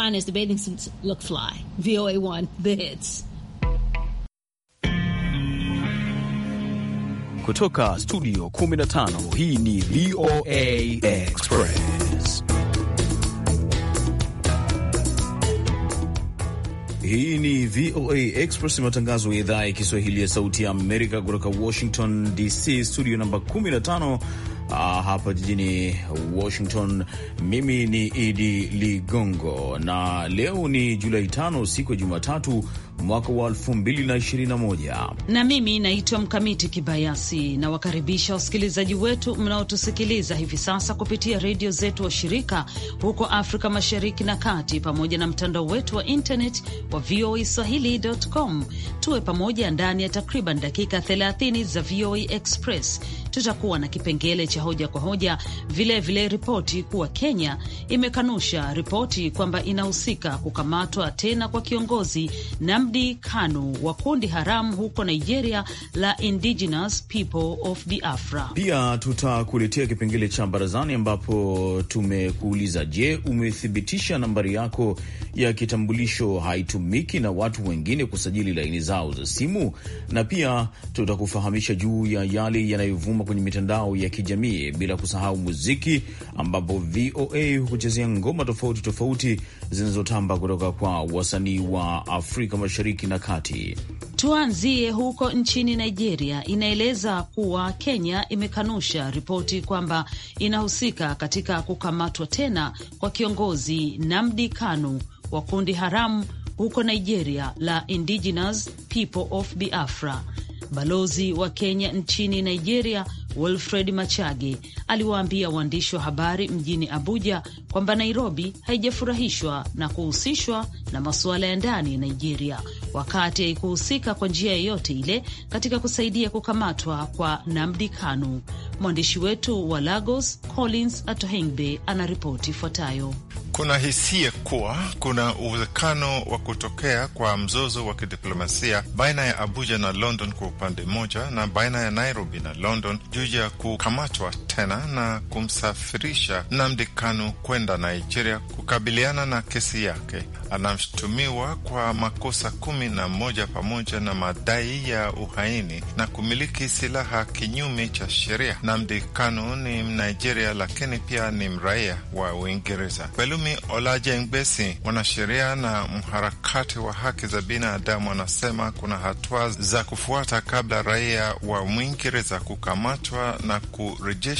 Is the bathing suits look fly? VOA1, the hits. Kutoka studio 15 hii ni VOA Express. Hii ni VOA Express, matangazo ya idhaa ya Kiswahili ya Sauti ya Amerika kutoka Washington DC, studio namba 15 uh, ah, hapa jijini Washington. Mimi ni Idi Ligongo na leo ni Julai tano, siku ya Jumatatu mwaka wa 2021 na mimi naitwa Mkamiti Kibayasi. Nawakaribisha wasikilizaji wetu mnaotusikiliza hivi sasa kupitia redio zetu washirika huko Afrika Mashariki na Kati, pamoja na mtandao wetu wa internet wa VOA e swahili.com. Tuwe pamoja ndani ya takriban dakika 30 za VOA e Express tutakuwa na kipengele cha hoja kwa hoja, vilevile ripoti kuwa Kenya imekanusha ripoti kwamba inahusika kukamatwa tena kwa kiongozi Namdi Kanu wa kundi haramu huko Nigeria la Indigenous People of Biafra. Pia tutakuletea kipengele cha barazani, ambapo tumekuuliza, je, umethibitisha nambari yako ya kitambulisho haitumiki na watu wengine kusajili laini zao za simu? Na pia tutakufahamisha juu ya yale yanayovuma kusoma kwenye mitandao ya kijamii, bila kusahau muziki, ambapo VOA huchezea ngoma tofauti tofauti zinazotamba kutoka kwa wasanii wa Afrika Mashariki na Kati. Tuanzie huko nchini Nigeria. Inaeleza kuwa Kenya imekanusha ripoti kwamba inahusika katika kukamatwa tena kwa kiongozi Namdi Kanu wa kundi haramu huko Nigeria la Indigenous People of Biafra Balozi wa Kenya nchini Nigeria Wilfred Machage aliwaambia waandishi wa habari mjini Abuja kwamba Nairobi haijafurahishwa na kuhusishwa na masuala ya ndani ya Nigeria, wakati haikuhusika kwa njia yoyote ile katika kusaidia kukamatwa kwa Namdi Kanu. Mwandishi wetu wa Lagos Collins Atohengbe anaripoti ifuatayo kuna hisia kuwa kuna uwezekano wa kutokea kwa mzozo wa kidiplomasia baina ya Abuja na London kwa upande mmoja na baina ya Nairobi na London juu ya kukamatwa tena na kumsafirisha Namdi Kanu kwenda Nigeria kukabiliana na kesi yake. Anashutumiwa kwa makosa kumi na moja pamoja na madai ya uhaini na kumiliki silaha kinyume cha sheria. Namdi Kanu ni Mnigeria lakini pia ni mraia wa Uingereza. Pelumi Olajengbesi, mwanasheria na mharakati wa haki za binadamu, anasema kuna hatua za kufuata kabla raia wa Mwingereza kukamatwa na kurejesha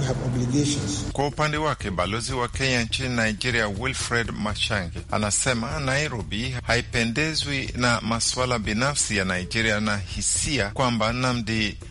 we have obligations. Kwa upande wake balozi wa Kenya nchini Nigeria Wilfred Mashangi anasema Nairobi haipendezwi na masuala binafsi ya Nigeria na hisia kwamba Namdi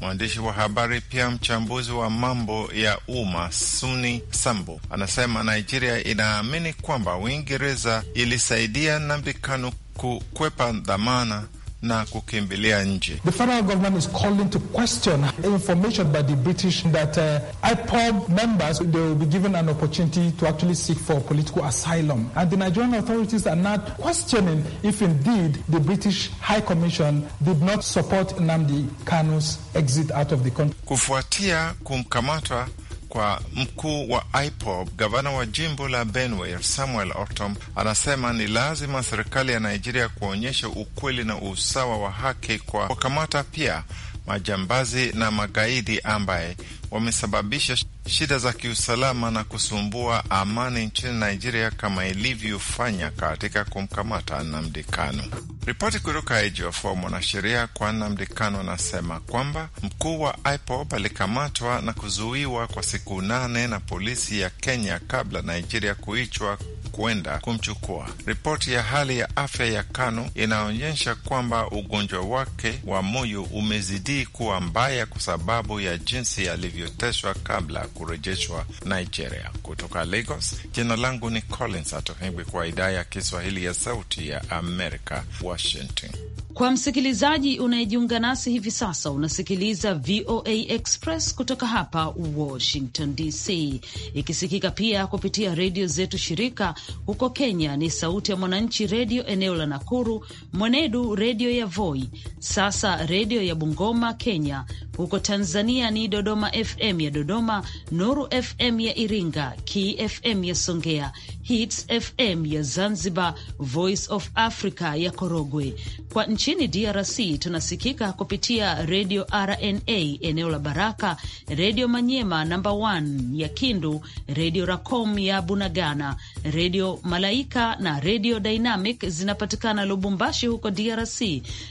Mwandishi wa habari pia mchambuzi wa mambo ya umma Suni Sambo anasema Nigeria inaamini kwamba Uingereza ilisaidia Nnamdi Kanu kukwepa dhamana na kukimbilia nje. The federal government is calling to question information by the British that uh, IPOB members they will be given an opportunity to actually seek for political asylum and the Nigerian authorities are not questioning if indeed the British High Commission did not support Nnamdi Kanu's exit out of the country. Kufuatia kumkamatwa kwa mkuu wa IPOB, gavana wa jimbo la Benue Samuel Ortom anasema ni lazima serikali ya Nigeria kuonyesha ukweli na usawa wa haki kwa kukamata pia majambazi na magaidi ambaye wamesababisha shida za kiusalama na kusumbua amani nchini Nigeria kama ilivyofanya katika kumkamata Nnamdi Kanu. Ripoti kutoka Ejiofor, mwanasheria kwa Nnamdi Kanu, anasema kwamba mkuu wa IPOB alikamatwa na kuzuiwa kwa siku nane na polisi ya Kenya kabla Nigeria kuichwa kwenda kumchukua. Ripoti ya hali ya afya ya Kanu inaonyesha kwamba ugonjwa wake wa moyo umezidi kuwa mbaya kwa sababu ya jinsi alivyo waliooteshwa kabla ya kurejeshwa Nigeria. Kutoka Lagos, jina langu ni Collins Atohengwi kwa idhaa ya Kiswahili ya Sauti ya Amerika, Washington. Kwa msikilizaji unayejiunga nasi hivi sasa, unasikiliza VOA Express kutoka hapa Washington DC, ikisikika pia kupitia redio zetu shirika. Huko Kenya ni Sauti ya Mwananchi redio eneo la Nakuru, Mwenedu redio ya Voi, Sasa redio ya Bungoma Kenya. Huko Tanzania ni Dodoma FM ya Dodoma, Noru FM ya Iringa, KFM ya Songea, Hits FM ya Zanzibar, Voice of Africa ya Korogwe. Kwa nchini DRC tunasikika kupitia redio RNA eneo la Baraka, redio Manyema namba 1 ya Kindu, redio Racom ya Bunagana, redio Malaika na redio Dynamic zinapatikana Lubumbashi huko DRC,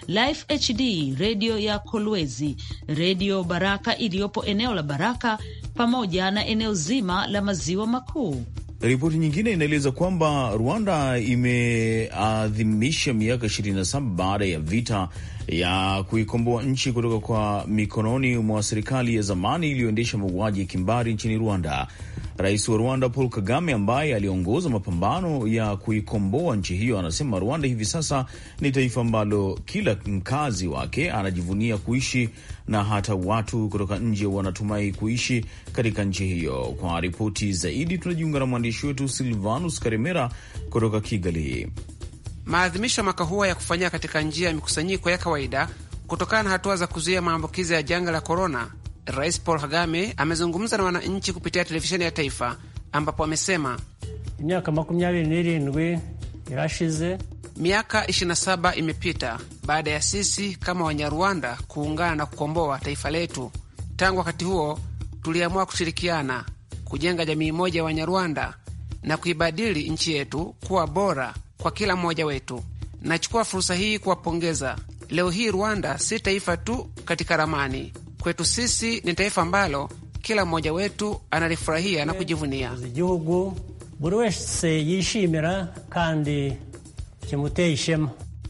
Life HD redio ya Kolwezi, redio Baraka iliyopo eneo la Baraka pamoja na eneo zima la maziwa makuu. Ripoti nyingine inaeleza kwamba Rwanda imeadhimisha miaka 27 baada ya vita ya kuikomboa nchi kutoka kwa mikononi mwa serikali ya zamani iliyoendesha mauaji ya kimbari nchini Rwanda. Rais wa Rwanda Paul Kagame, ambaye aliongoza mapambano ya kuikomboa nchi hiyo, anasema Rwanda hivi sasa ni taifa ambalo kila mkazi wake anajivunia kuishi na hata watu kutoka nje wanatumai kuishi katika nchi hiyo. Kwa ripoti zaidi, tunajiunga na mwandishi wetu Silvanus Karimera kutoka Kigali. Maadhimisho ya mwaka huo ya kufanyika katika njia ya mikusanyiko ya kawaida kutokana na hatua za kuzuia maambukizi ya janga la korona. Rais Paul Kagame amezungumza na wananchi kupitia televisheni ya taifa ambapo amesema miaka makumi abiri n'irindwi irashize, miaka 27 imepita baada ya sisi kama Wanyarwanda kuungana na kukomboa taifa letu. Tangu wakati huo tuliamua kushirikiana kujenga jamii moja ya Wanyarwanda na kuibadili nchi yetu kuwa bora kwa kila mmoja wetu. Nachukua fursa hii kuwapongeza. Leo hii Rwanda si taifa tu katika ramani, kwetu sisi ni taifa ambalo kila mmoja wetu analifurahia na kujivunia.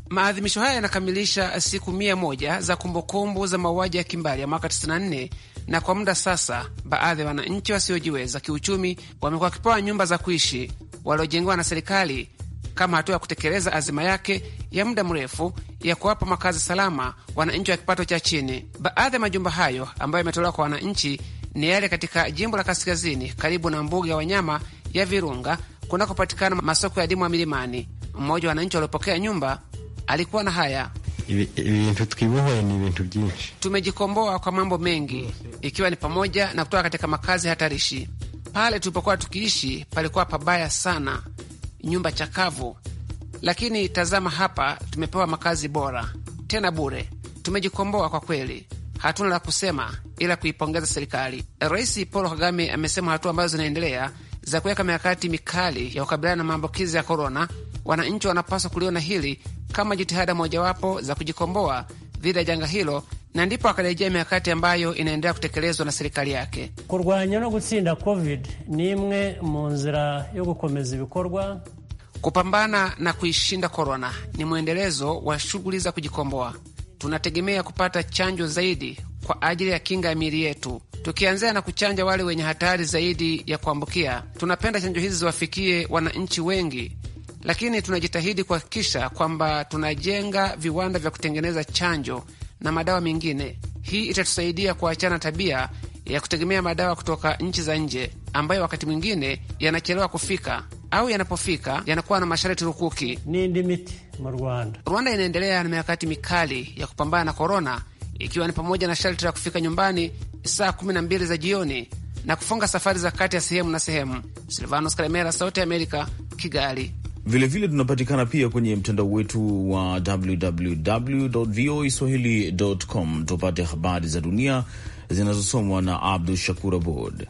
Maadhimisho haya yanakamilisha siku mia moja za kumbukumbu za mauaji ya kimbari ya mwaka 94 na kwa muda sasa, baadhi ya wananchi wasiojiweza kiuchumi wamekuwa wakipewa nyumba za kuishi waliojengewa na serikali kama hatua ya kutekeleza azima yake ya muda mrefu ya kuwapa makazi salama wananchi wa kipato cha chini. Baadhi ya majumba hayo ambayo yametolewa kwa wananchi ni yale katika jimbo la kaskazini karibu na mbuga ya wanyama ya Virunga kunakopatikana masoko ya dimu ya milimani. Mmoja wa wananchi waliopokea nyumba alikuwa na haya ibintu twibohoye ni ibintu byinshi. Tumejikomboa kwa mambo mengi, ikiwa ni pamoja na kutoka katika makazi hatarishi. Pale tulipokuwa tukiishi palikuwa pabaya sana, nyumba chakavu, lakini tazama hapa, tumepewa makazi bora tena bure. Tumejikomboa kwa kweli, hatuna la kusema ila kuipongeza serikali. Rais Paul Kagame amesema hatua ambazo zinaendelea za kuweka mikakati mikali ya kukabiliana na maambukizi ya korona. Wananchi wanapaswa kuliona hili kama jitihada mojawapo za kujikomboa dhidi ya janga hilo, na ndipo akarejea mikakati ambayo inaendelea kutekelezwa na serikali yake. kurwanya no gutsinda covid ni imwe mu nzira yo gukomeza ibikorwa. Kupambana na kuishinda korona ni mwendelezo wa shughuli za kujikomboa. Tunategemea kupata chanjo zaidi kwa ajili ya kinga ya miili yetu, tukianzia na kuchanja wale wenye hatari zaidi ya kuambukia. Tunapenda chanjo hizi ziwafikie wananchi wengi lakini tunajitahidi kuhakikisha kwamba tunajenga viwanda vya kutengeneza chanjo na madawa mengine. Hii itatusaidia kuachana tabia ya kutegemea madawa kutoka nchi za nje ambayo wakati mwingine yanachelewa kufika au yanapofika yanakuwa na masharti rukuki. Rwanda inaendelea na mikakati mikali ya kupambana na korona, ikiwa ni pamoja na sharti la kufika nyumbani saa 12 za jioni na kufunga safari za kati ya sehemu na sehemu. Silvanos Karemera, Sauti ya Amerika, Kigali. Vilevile tunapatikana pia kwenye mtandao wetu wa www voa swahilicom, tupate habari za dunia zinazosomwa na Abdu Shakur Abod.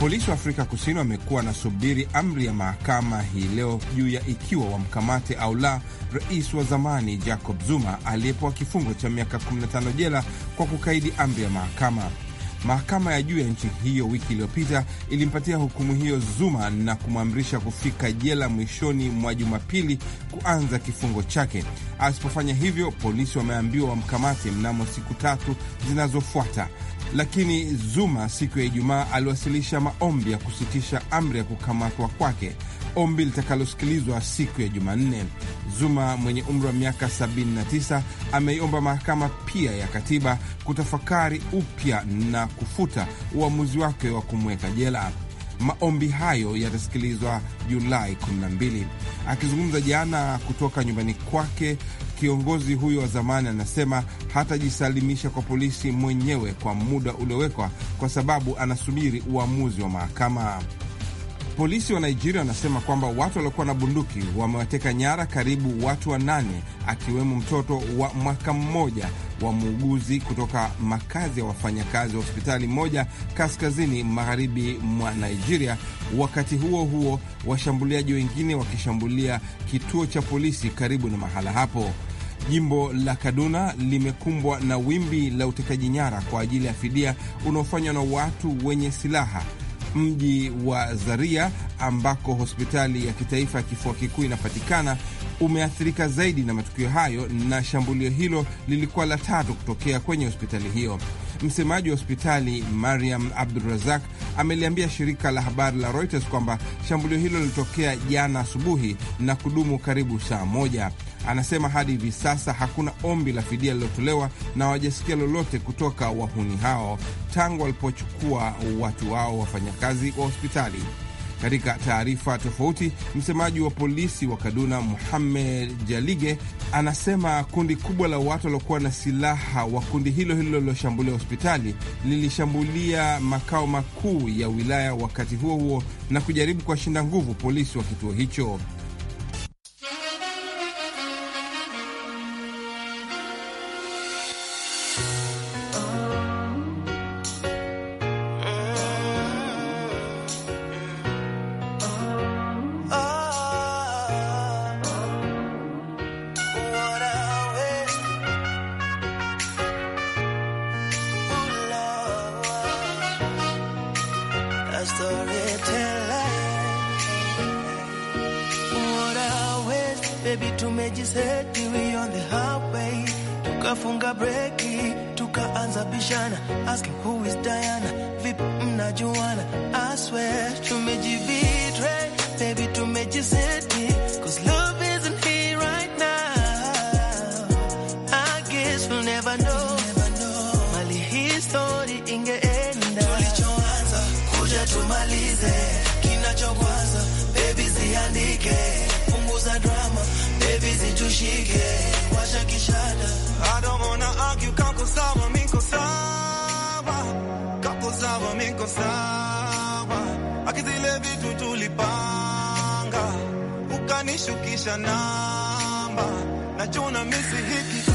Polisi wa Afrika Kusini wamekuwa wanasubiri amri ya mahakama hii leo juu ya ikiwa wamkamate au la rais wa zamani Jacob Zuma aliyepewa kifungo cha miaka 15 jela kwa kukaidi amri ya mahakama. Mahakama ya juu ya nchi hiyo wiki iliyopita ilimpatia hukumu hiyo Zuma na kumwamrisha kufika jela mwishoni mwa Jumapili kuanza kifungo chake. Asipofanya hivyo, polisi wameambiwa wamkamate mnamo siku tatu zinazofuata lakini Zuma siku ya Ijumaa aliwasilisha maombi ya kusitisha amri ya kukamatwa kwake, ombi litakalosikilizwa siku ya Jumanne. Zuma mwenye umri wa miaka 79 ameiomba mahakama pia ya katiba kutafakari upya na kufuta uamuzi wake wa kumweka jela. Maombi hayo yatasikilizwa Julai 12. Akizungumza jana kutoka nyumbani kwake Kiongozi huyo wa zamani anasema hatajisalimisha kwa polisi mwenyewe kwa muda uliowekwa kwa sababu anasubiri uamuzi wa mahakama. Polisi wa Nigeria wanasema kwamba watu waliokuwa na bunduki wamewateka nyara karibu watu wanane akiwemo mtoto wa mwaka mmoja wa muuguzi kutoka makazi ya wafanyakazi wa hospitali moja kaskazini magharibi mwa Nigeria. Wakati huo huo, washambuliaji wengine wakishambulia kituo cha polisi karibu na mahala hapo. Jimbo la Kaduna limekumbwa na wimbi la utekaji nyara kwa ajili ya fidia unaofanywa na watu wenye silaha. Mji wa Zaria ambako hospitali ya kitaifa ya kifua kikuu inapatikana umeathirika zaidi na matukio hayo, na shambulio hilo lilikuwa la tatu kutokea kwenye hospitali hiyo. Msemaji wa hospitali Mariam Abdurazak ameliambia shirika la habari la Reuters kwamba shambulio hilo lilitokea jana asubuhi na kudumu karibu saa moja. Anasema hadi hivi sasa hakuna ombi la fidia lililotolewa na wajasikia lolote kutoka wahuni hao tangu walipochukua watu wao wafanyakazi wa hospitali. Katika taarifa tofauti, msemaji wa polisi wa Kaduna Muhammed Jalige anasema kundi kubwa la watu waliokuwa na silaha wa kundi hilo hilo liloshambulia hospitali lilishambulia makao makuu ya wilaya wakati huo huo na kujaribu kuwashinda nguvu polisi wa kituo hicho. a storyteller. What a waste, baby, tumejiseti we on the highway. Tukafunga breki, tukaanza bishana, asking who is Diana, vipi mnajuana? I swear, tumejibitray, baby, tumejiseti tumalize kinachokwaza, baby ziandike, punguza drama, baby zitushike, washa kishada. I don't wanna argue, kako sawa, miko sawa, kako sawa, miko sawa, akizile vitu tulipanga, ukanishukisha namba, nachona misi hiki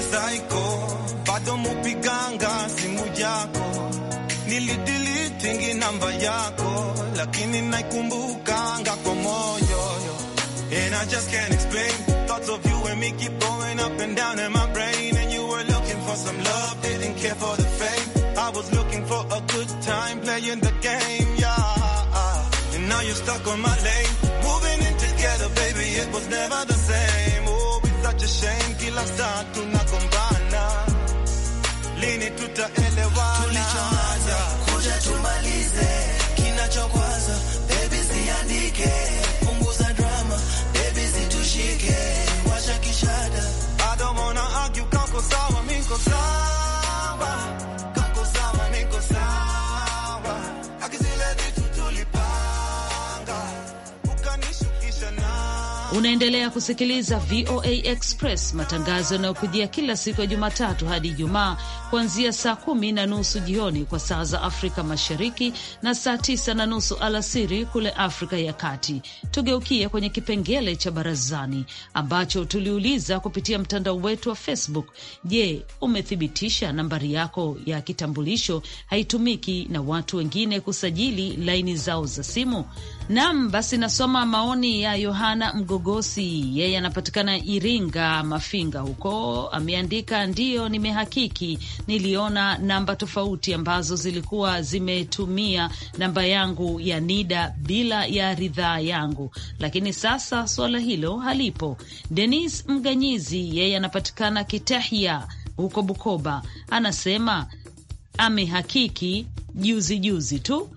meza iko bado mupiganga simu yako nilidilitingi namba yako lakini naikumbukanga kwa moyo and I just can't explain thoughts of you and me keep going up and down in my brain and you were looking for some love didn't care for the fame I was looking for a good time playing the game yeah and now you're stuck on my lane moving in together baby it was never the Tuchesheni kila saa tunagombana, lini tutaelewana? Tulichoanza kuja tumalize, kinachokwaza baby ziandike, punguza drama baby zitushike, wacha kishada, I don't wanna argue, kako sawa, miko sawa Unaendelea kusikiliza VOA Express, matangazo yanayokujia kila siku ya Jumatatu hadi Ijumaa kuanzia saa kumi na nusu jioni kwa saa za Afrika Mashariki na saa tisa na nusu alasiri kule Afrika ya Kati. Tugeukie kwenye kipengele cha barazani ambacho tuliuliza kupitia mtandao wetu wa Facebook. Je, umethibitisha nambari yako ya kitambulisho haitumiki na watu wengine kusajili laini zao za simu? Nam, basi nasoma maoni ya Yohana Mgo Lugosi, yeye anapatikana Iringa Mafinga huko, ameandika ndiyo, nimehakiki niliona namba tofauti ambazo zilikuwa zimetumia namba yangu ya NIDA bila ya ridhaa yangu, lakini sasa suala hilo halipo. Denis Mganyizi, yeye anapatikana Kitehya huko Bukoba, anasema amehakiki juzi juzi tu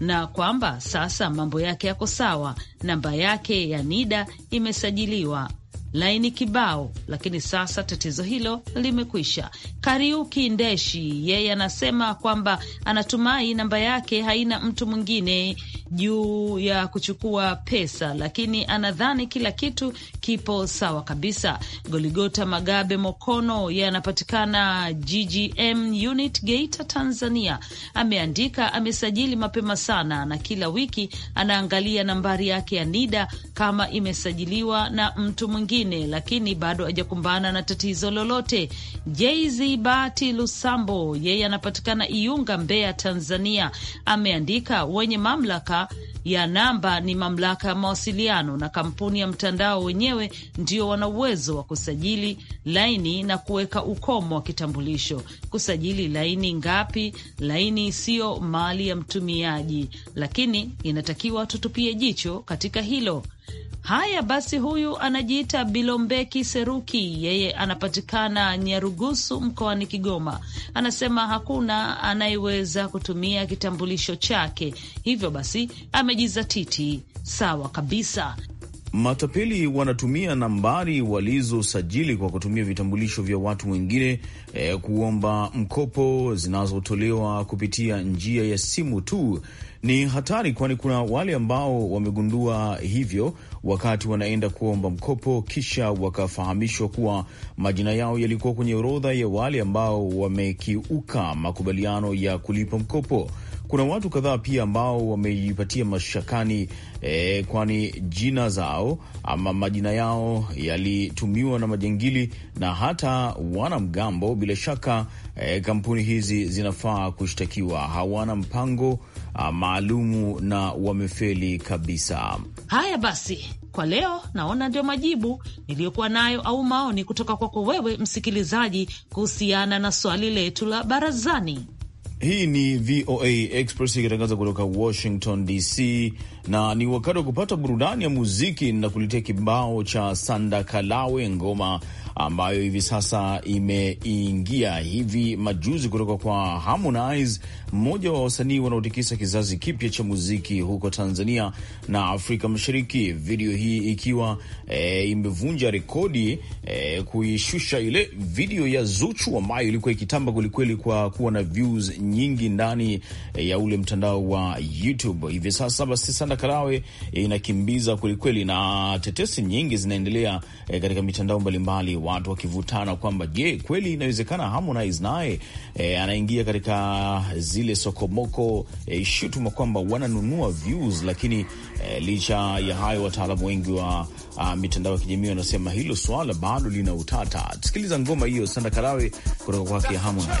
na kwamba sasa mambo yake yako sawa. Namba yake ya NIDA imesajiliwa laini kibao, lakini sasa tatizo hilo limekwisha. Kariuki Ndeshi yeye anasema kwamba anatumai namba yake haina mtu mwingine juu ya kuchukua pesa, lakini anadhani kila kitu kipo sawa kabisa. Goligota Magabe Mokono yeye anapatikana GGM unit Geita, Tanzania, ameandika amesajili mapema sana, na kila wiki anaangalia nambari yake ya NIDA kama imesajiliwa na mtu mwingine mwingine, lakini bado hajakumbana na tatizo lolote. Jz Bahati Lusambo, yeye anapatikana Iunga, Mbeya, Tanzania, ameandika wenye mamlaka ya namba ni mamlaka ya mawasiliano na kampuni ya mtandao wenyewe ndio wana uwezo wa kusajili laini na kuweka ukomo wa kitambulisho, kusajili laini ngapi. Laini siyo mali ya mtumiaji, lakini inatakiwa tutupie jicho katika hilo. Haya basi, huyu anajiita Bilombeki Seruki, yeye anapatikana Nyarugusu mkoani Kigoma. Anasema hakuna anayeweza kutumia kitambulisho chake, hivyo basi amejizatiti. Sawa kabisa. Matapeli wanatumia nambari walizosajili kwa kutumia vitambulisho vya watu wengine eh, kuomba mkopo zinazotolewa kupitia njia ya simu tu ni hatari, kwani kuna wale ambao wamegundua hivyo wakati wanaenda kuomba mkopo, kisha wakafahamishwa kuwa majina yao yalikuwa kwenye orodha ya wale ambao wamekiuka makubaliano ya kulipa mkopo. Kuna watu kadhaa pia ambao wamejipatia mashakani eh, kwani jina zao ama majina yao yalitumiwa na majangili na hata wanamgambo. Bila shaka eh, kampuni hizi zinafaa kushtakiwa. Hawana mpango Ah, maalumu na wamefeli kabisa. Haya basi, kwa leo naona ndio majibu niliyokuwa nayo au maoni kutoka kwako wewe msikilizaji kuhusiana na swali letu la barazani. Hii ni VOA Express ikitangaza kutoka Washington DC, na ni wakati wa kupata burudani ya muziki na kuletea kibao cha Sanda Kalawe, ngoma ambayo hivi sasa imeingia hivi majuzi kutoka kwa Harmonize, mmoja wa wasanii wanaotikisa kizazi kipya cha muziki huko Tanzania na Afrika Mashariki, video hii ikiwa e, imevunja rekodi e, kuishusha ile video ya Zuchu ambayo ilikuwa ikitamba kwelikweli kwa kuwa na views nyingi ndani e, ya ule mtandao wa YouTube. Hivi sasa basi Sanda Karawe inakimbiza kwelikweli, na tetesi nyingi zinaendelea e, katika mitandao mbalimbali watu wakivutana kwamba je, kweli inawezekana Harmonize naye e, anaingia katika zile sokomoko e, shutuma kwamba wananunua views, lakini e, licha ya hayo wataalamu wengi wa mitandao ya kijamii wanasema hilo swala bado lina utata. Sikiliza ngoma hiyo Sanda Karawe kutoka kwake Harmonize.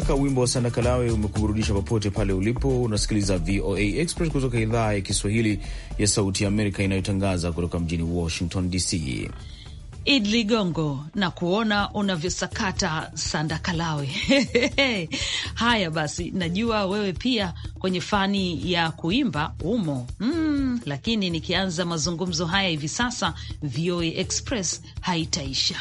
shaka wimbo wa Sanda Kalawe umekuburudisha popote pale ulipo. Unasikiliza VOA Express kutoka idhaa ya Kiswahili ya Sauti ya Amerika inayotangaza kutoka mjini Washington DC. Id Ligongo, na kuona unavyosakata Sanda Kalawe. Haya basi, najua wewe pia kwenye fani ya kuimba umo mm, lakini nikianza mazungumzo haya hivi sasa VOA Express haitaisha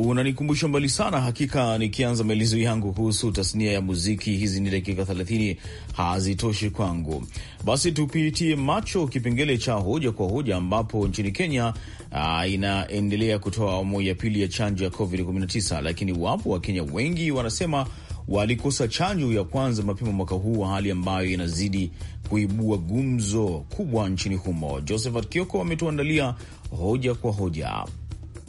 unanikumbusha mbali sana. Hakika nikianza maelezo yangu kuhusu tasnia ya muziki, hizi ni dakika 30 hazitoshi kwangu. Basi tupitie macho kipengele cha hoja kwa hoja, ambapo nchini Kenya uh, inaendelea kutoa awamu ya pili ya chanjo ya COVID-19, lakini wapo Wakenya wengi wanasema walikosa chanjo ya kwanza mapema mwaka huu, hali ambayo inazidi kuibua gumzo kubwa nchini humo. Josephat Kioko ametuandalia hoja kwa hoja.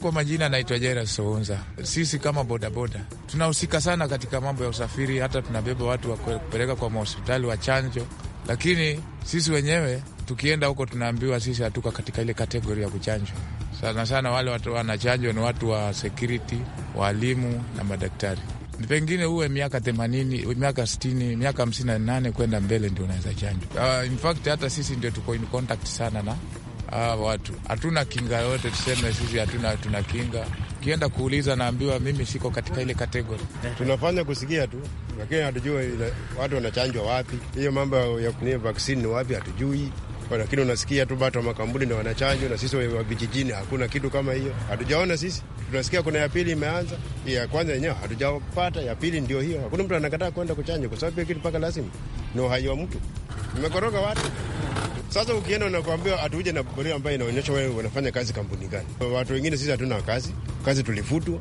Kwa majina anaitwa Jera Sounza. Sisi kama bodaboda tunahusika sana katika mambo ya usafiri, hata tunabeba watu wa kupeleka kwa mahospitali wa chanjo, lakini sisi wenyewe tukienda huko tunaambiwa sisi hatuka katika ile kategori ya kuchanjwa. Sana sana wale watu wanachanjwa ni watu wa security, waalimu na madaktari. Pengine uwe miaka themanini, miaka sitini, miaka hamsini na nane kwenda mbele ndio unaweza chanjwa. Uh, in fact hata sisi ndio tuko in contact sana na hawa ah, watu. Hatuna kinga yote, tuseme sisi hatuna, tuna kinga. Ukienda kuuliza, naambiwa mimi siko katika ile kategori. Tunafanya kusikia tu, lakini hatujui watu wanachanjwa wapi. Hiyo mambo ya kunia vaksini ni wapi, hatujui lakini unasikia tu bado makambuni ndio wanachanjwa, na sisi wa vijijini hakuna kitu kama hiyo, hatujaona sisi. Tunasikia kuna ya pili imeanza, ya kwanza yenyewe hatujapata, ya pili ndio hiyo. Hakuna mtu anakataa kwenda kuchanjwa kwa sababu hiyo kitu mpaka lazima ni uhai wa mtu, imekoroga watu sasa ukienda unakuambia hatukuja na barua ambayo inaonyesha wewe unafanya kazi kampuni gani. Watu wengine sisi hatuna kazi, kazi tulifutwa.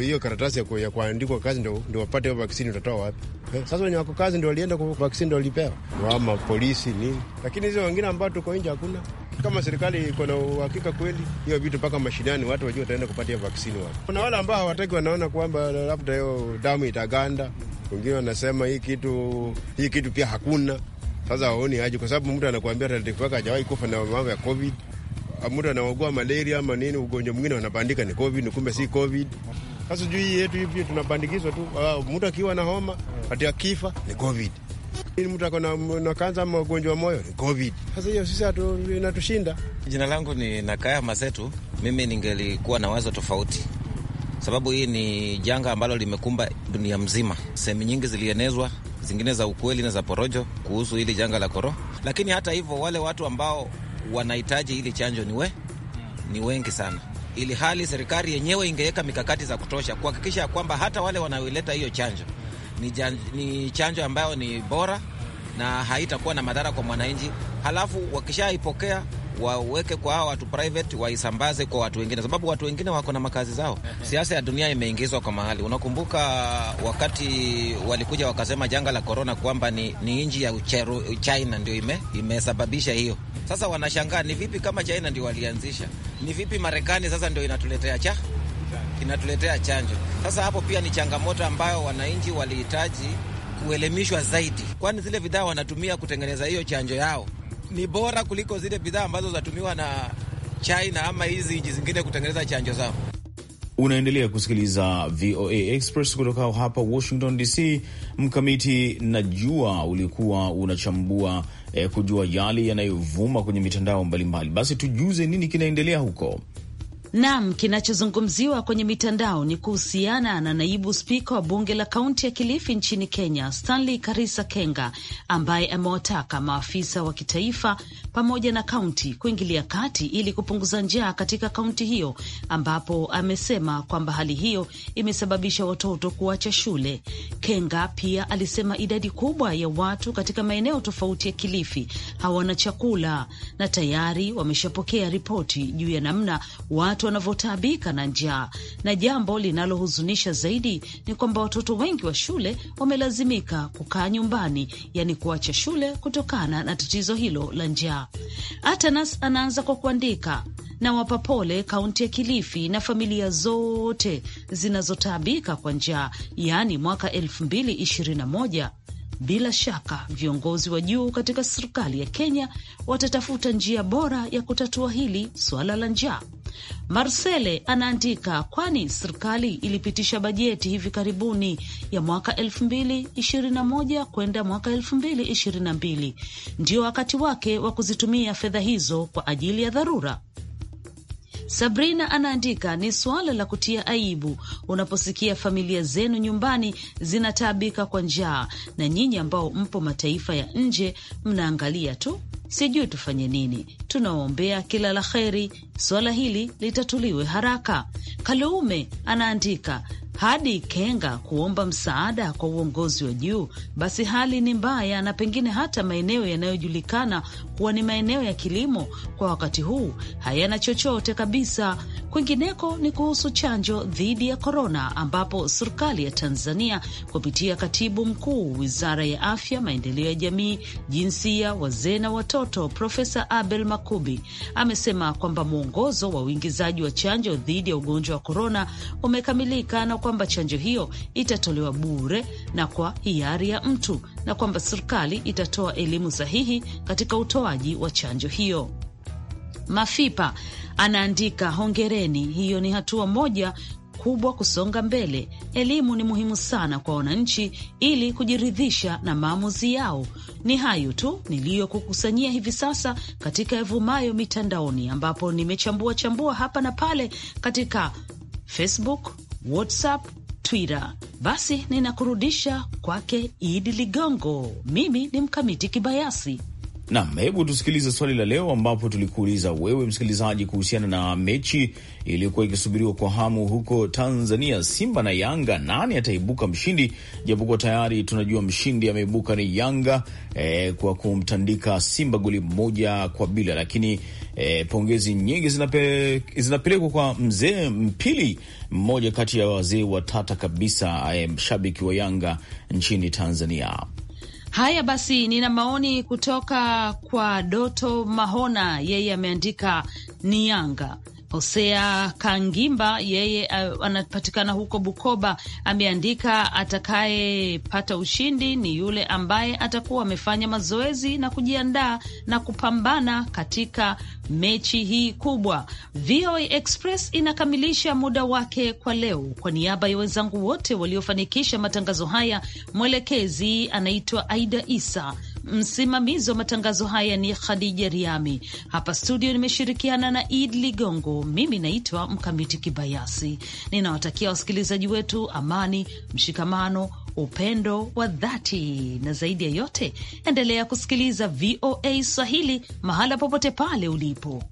Hiyo karatasi ya kuandikwa kazi ndo, ndio wapate vaksini, utatoa wapi? Eh, sasa wenye wako kazi ndo walienda kwa vaksini, ndo walipewa wama polisi nini, lakini hizo wengine ambao tuko nje hakuna. Kama serikali iko na uhakika kweli hiyo vitu, mpaka mashinani watu wajua wataenda kupatia vaksini wapi. Kuna wale ambao hawataki, wanaona kwamba labda hiyo damu itaganda. Wengine wanasema hii kitu hii kitu pia hakuna sasa waoni aje? Kwa sababu mtu anakuambia relative yake hajawahi kufa na mambo ya covid. Ah, mtu anaugua malaria ama nini, ugonjwa mwingine wanabandika ni covid, ni kumbe si covid. Sasa juu hii yetu hivi tunabandikizwa tu, ah, mtu akiwa na homa ati akifa ni covid, mtu ako na kansa ama ugonjwa moyo ni covid. Sasa hiyo sisi inatushinda. Jina langu ni Nakaya Masetu. Mimi ningelikuwa na wazo tofauti sababu hii ni janga ambalo limekumba dunia mzima, sehemu nyingi zilienezwa zingine za ukweli na za porojo kuhusu hili janga la korona. Lakini hata hivyo, wale watu ambao wanahitaji hili chanjo ni, we, ni wengi sana, ili hali serikali yenyewe ingeweka mikakati za kutosha kuhakikisha ya kwamba hata wale wanaoileta hiyo chanjo ni, jan, ni chanjo ambayo ni bora na haitakuwa na madhara kwa mwananchi. Halafu wakishaipokea waweke kwa hawa watu private, waisambaze kwa watu wengine, sababu watu wengine wako na makazi zao. Siasa ya dunia imeingizwa kwa mahali. Unakumbuka wakati walikuja wakasema janga la korona kwamba ni, ni nchi ya ucheru, China ndio ime, imesababisha hiyo. Sasa wanashangaa ni vipi kama China ndio walianzisha, ni vipi Marekani sasa ndio inatuletea cha inatuletea chanjo. Sasa hapo pia ni changamoto ambayo wananchi walihitaji kuelimishwa zaidi, kwani zile bidhaa wanatumia kutengeneza hiyo chanjo yao ni bora kuliko zile bidhaa ambazo zinatumiwa na China ama hizi nchi zingine kutengeneza chanjo zao. Unaendelea kusikiliza VOA Express kutoka hapa Washington DC. Mkamiti, najua ulikuwa unachambua eh, kujua yale yanayovuma kwenye mitandao mbalimbali mbali. Basi tujuze nini kinaendelea huko. Naam, kinachozungumziwa kwenye mitandao ni kuhusiana na naibu spika wa bunge la kaunti ya Kilifi nchini Kenya, Stanley Karisa Kenga, ambaye amewataka maafisa wa kitaifa pamoja na kaunti kuingilia kati ili kupunguza njaa katika kaunti hiyo, ambapo amesema kwamba hali hiyo imesababisha watoto kuacha shule. Kenga pia alisema idadi kubwa ya watu katika maeneo tofauti ya Kilifi hawana chakula na tayari wameshapokea ripoti juu ya namna watu watu wanavyotaabika na njaa, na jambo linalohuzunisha zaidi ni kwamba watoto wengi wa shule wamelazimika kukaa nyumbani, yani kuacha shule kutokana na tatizo hilo la njaa. Atanas anaanza kwa kuandika na wapa pole kaunti ya Kilifi na familia zote zinazotaabika kwa njaa, yaani mwaka 2021 bila shaka viongozi wa juu katika serikali ya Kenya watatafuta njia bora ya kutatua hili suala la njaa. Marcele anaandika, kwani serikali ilipitisha bajeti hivi karibuni ya mwaka 2021 kwenda mwaka 2022. Ndio wakati wake wa kuzitumia fedha hizo kwa ajili ya dharura. Sabrina anaandika, ni suala la kutia aibu unaposikia familia zenu nyumbani zinataabika kwa njaa na nyinyi ambao mpo mataifa ya nje mnaangalia tu sijui tufanye nini, tunawaombea kila la heri, suala hili litatuliwe haraka. Kalume anaandika hadi kenga kuomba msaada kwa uongozi wa juu, basi hali ni mbaya, na pengine hata maeneo yanayojulikana kuwa ni maeneo ya kilimo kwa wakati huu hayana chochote kabisa. Kwingineko ni kuhusu chanjo dhidi ya korona, ambapo serikali ya Tanzania kupitia katibu mkuu wizara ya afya, maendeleo ya jamii, jinsia, wazee na watoto, Profesa Abel Makubi amesema kwamba mwongozo wa uingizaji wa chanjo dhidi ya ugonjwa wa korona umekamilika na kwamba chanjo hiyo itatolewa bure na kwa hiari ya mtu na kwamba serikali itatoa elimu sahihi katika utoaji wa chanjo hiyo. Mafipa anaandika hongereni, hiyo ni hatua moja kubwa kusonga mbele. Elimu ni muhimu sana kwa wananchi ili kujiridhisha na maamuzi yao. Ni hayo tu niliyokukusanyia hivi sasa katika Yavumayo Mitandaoni, ambapo nimechambua chambua hapa na pale katika Facebook, WhatsApp, Twitter. Basi ninakurudisha kwake Idi Ligongo. Mimi ni Mkamiti Kibayasi. Nam, hebu tusikilize swali la leo, ambapo tulikuuliza wewe msikilizaji kuhusiana na mechi iliyokuwa ikisubiriwa kwa hamu huko Tanzania, Simba na Yanga, nani ataibuka mshindi? Japokuwa tayari tunajua mshindi ameibuka ni Yanga eh, kwa kumtandika Simba goli moja kwa bila, lakini eh, pongezi nyingi zinape, zinapelekwa kwa mzee Mpili, mmoja kati ya wazee watata kabisa, eh, mshabiki wa Yanga nchini Tanzania. Haya basi, nina maoni kutoka kwa Doto Mahona, yeye ameandika ni Yanga. Hosea Kangimba yeye uh, anapatikana huko Bukoba, ameandika atakayepata ushindi ni yule ambaye atakuwa amefanya mazoezi na kujiandaa na kupambana katika mechi hii kubwa. VOA Express inakamilisha muda wake kwa leo. Kwa niaba ya wenzangu wote waliofanikisha matangazo haya, mwelekezi anaitwa Aida Isa. Msimamizi wa matangazo haya ni Khadija Riami. Hapa studio nimeshirikiana na Id Ligongo. Mimi naitwa Mkamiti Kibayasi. Ninawatakia wasikilizaji wetu amani, mshikamano, upendo wa dhati, na zaidi ya yote, endelea kusikiliza VOA Swahili mahala popote pale ulipo.